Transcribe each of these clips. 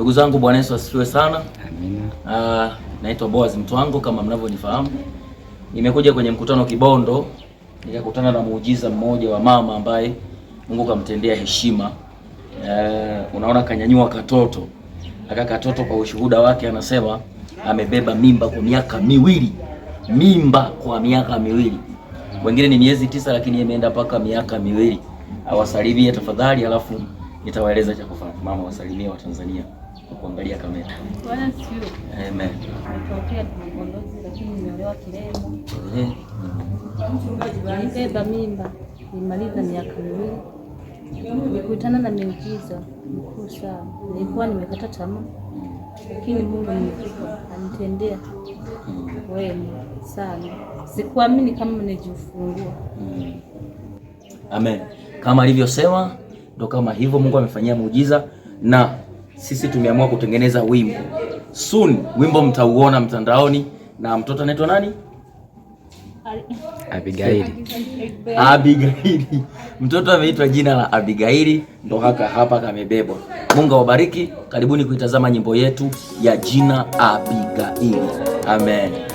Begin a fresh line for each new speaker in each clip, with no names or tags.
Ndugu zangu, Bwana Yesu asifiwe sana. Amina. Uh, naitwa Boaz Mtwango kama mnavyonifahamu. Nimekuja kwenye mkutano Kibondo nikakutana na muujiza mmoja wa mama ambaye Mungu kamtendea heshima. Uh, unaona kanyanyua katoto. Aka katoto kwa ushuhuda wake anasema amebeba mimba kwa miaka miwili. Mimba kwa miaka miwili. Wengine ni miezi tisa lakini imeenda mpaka miaka miwili. Awasalimie tafadhali, alafu nitawaeleza cha kufanya. Mama, wasalimie Watanzania kuangalia kamera.
Bwana sio. Amen. lakini nimeolewa Eh. Mm. mimba, nimaliza miaka miwili. nikutana na miujiza mkuu sana. Nilikuwa nimekata tamaa. Lakini Mungu anitendea mm. wema sana. Sikuamini kama nimejifungua. Mm.
Amen. Kama alivyosema ndo kama hivyo Mungu amefanyia muujiza na sisi tumeamua kutengeneza wimbo soon. Wimbo mtauona mtandaoni na mtoto anaitwa nani?
Abigaili.
Abigaili, mtoto ameitwa jina la Abigaili, ndo haka hapa kamebebwa. Mungu awabariki, karibuni kuitazama nyimbo yetu ya jina Abigaili. Amen.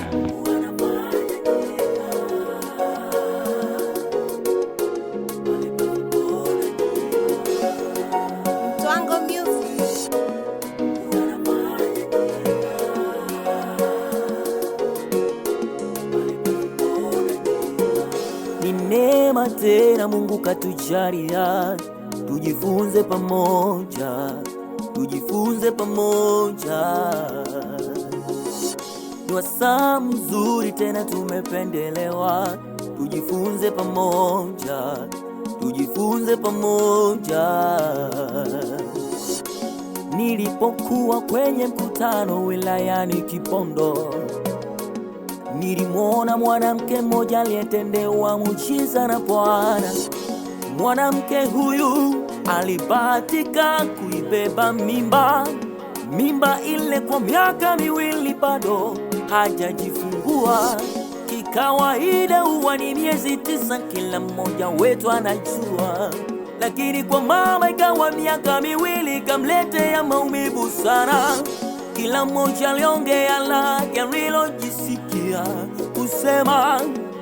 tena, Mungu katujalia, tujifunze pamoja, tujifunze pamoja. Ni wasaa mzuri tena, tumependelewa, tujifunze pamoja, tujifunze pamoja. Nilipokuwa kwenye mkutano wilayani Kipondo nilimwona mwanamke mmoja aliyetendewa muujiza na Bwana. Mwanamke huyu alibahatika kuibeba mimba, mimba ile kwa miaka miwili bado hajajifungua. Kikawaida huwa ni miezi tisa, kila mmoja wetu anajua, lakini kwa mama ikawa miaka miwili, kamletea maumivu sana. Kila mmoja aliongea lake alilo kusikia kusema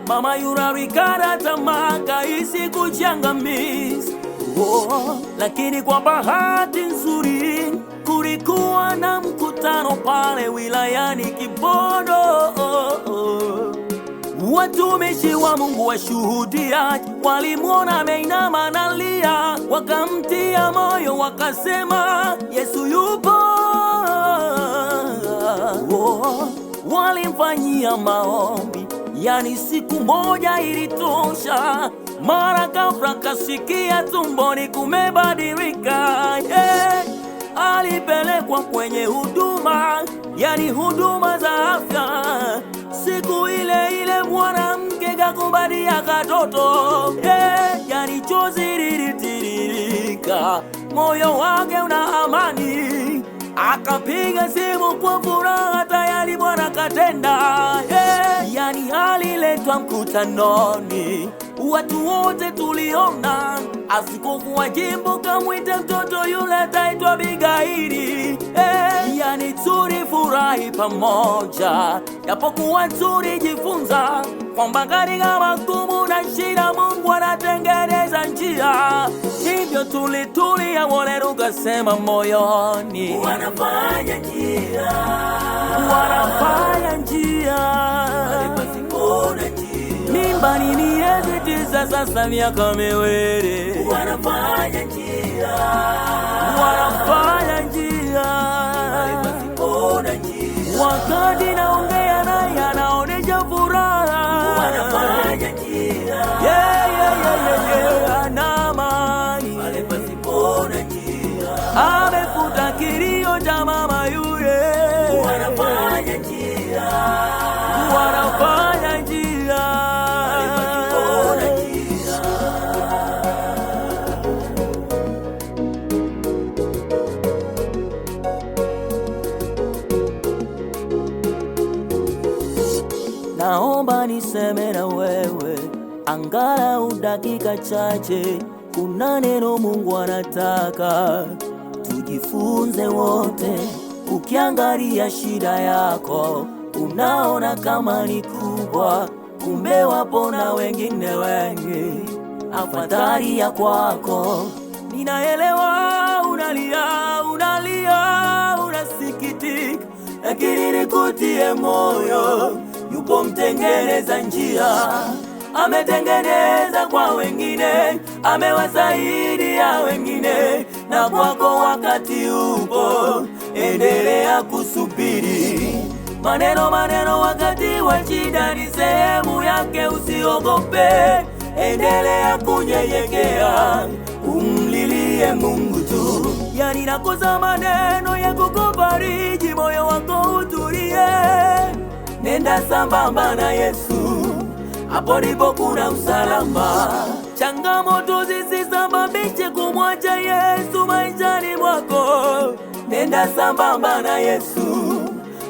mama yurarikara tamaka isi kujiangamiza oh, lakini kwa bahati nzuri kulikuwa na mkutano pale wilayani Kibondo oh, oh. Watumishi wa Mungu washuhudia, walimwona meinama nalia, wakamtia moyo, wakasema Yesu yupo oh walimfanyia maombi, yani siku moja ilitosha. Mara ghafla kasikia tumboni kumebadilika, yeah. Alipelekwa kwenye huduma, yani huduma za afya. Siku ile ile mwanamke gakubadia katoto, yeah. Yani chozi lilitiririka, moyo wake una amani, akapiga simu kwa mkutanoni, watu wote tuliona, asikokuwa jimbo kamwita mtoto yule taitwa Bigairi. Eh, yani turi furahi pamoja, yapokuwa turi jifunza kwamba katika magumu na shida Mungu anatengeneza njia, hivyo tulitulia wale tukasema moyoni,
wanafanya njia,
wanafanya njia Habari ni ya zeti za sasa miaka miwili
wanafanya
na wewe angalau dakika chache. Kuna neno Mungu anataka tujifunze wote. Ukiangalia shida yako unaona kama ni kubwa, kumbe wapo na wengine wengi afadhali ya kwako. Ninaelewa unalia, unalia, unasikitika, lakini nikutie moyo yupo mtengeneza njia, ametengeneza kwa wengine, amewasaidia wengine, na kwako wakati upo, endelea kusubiri. Maneno maneno, wakati wa shida ni sehemu yake, usiogope, endelea kunyenyekea, umlilie Mungu tu. Yani nakosa maneno ya kukubariki nenda sambamba na Yesu, hapo ndipo kuna usalama. Changamoto zisisababishe kumwacha Yesu maishani mwako, nenda sambamba na Yesu,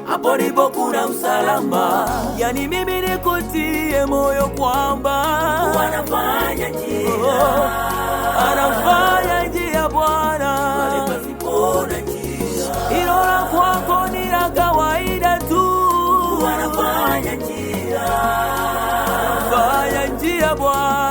hapo ndipo kuna usalama. Yani mimi nikutie moyo kwamba
wanafanya njia oh, oh,
oh. 我。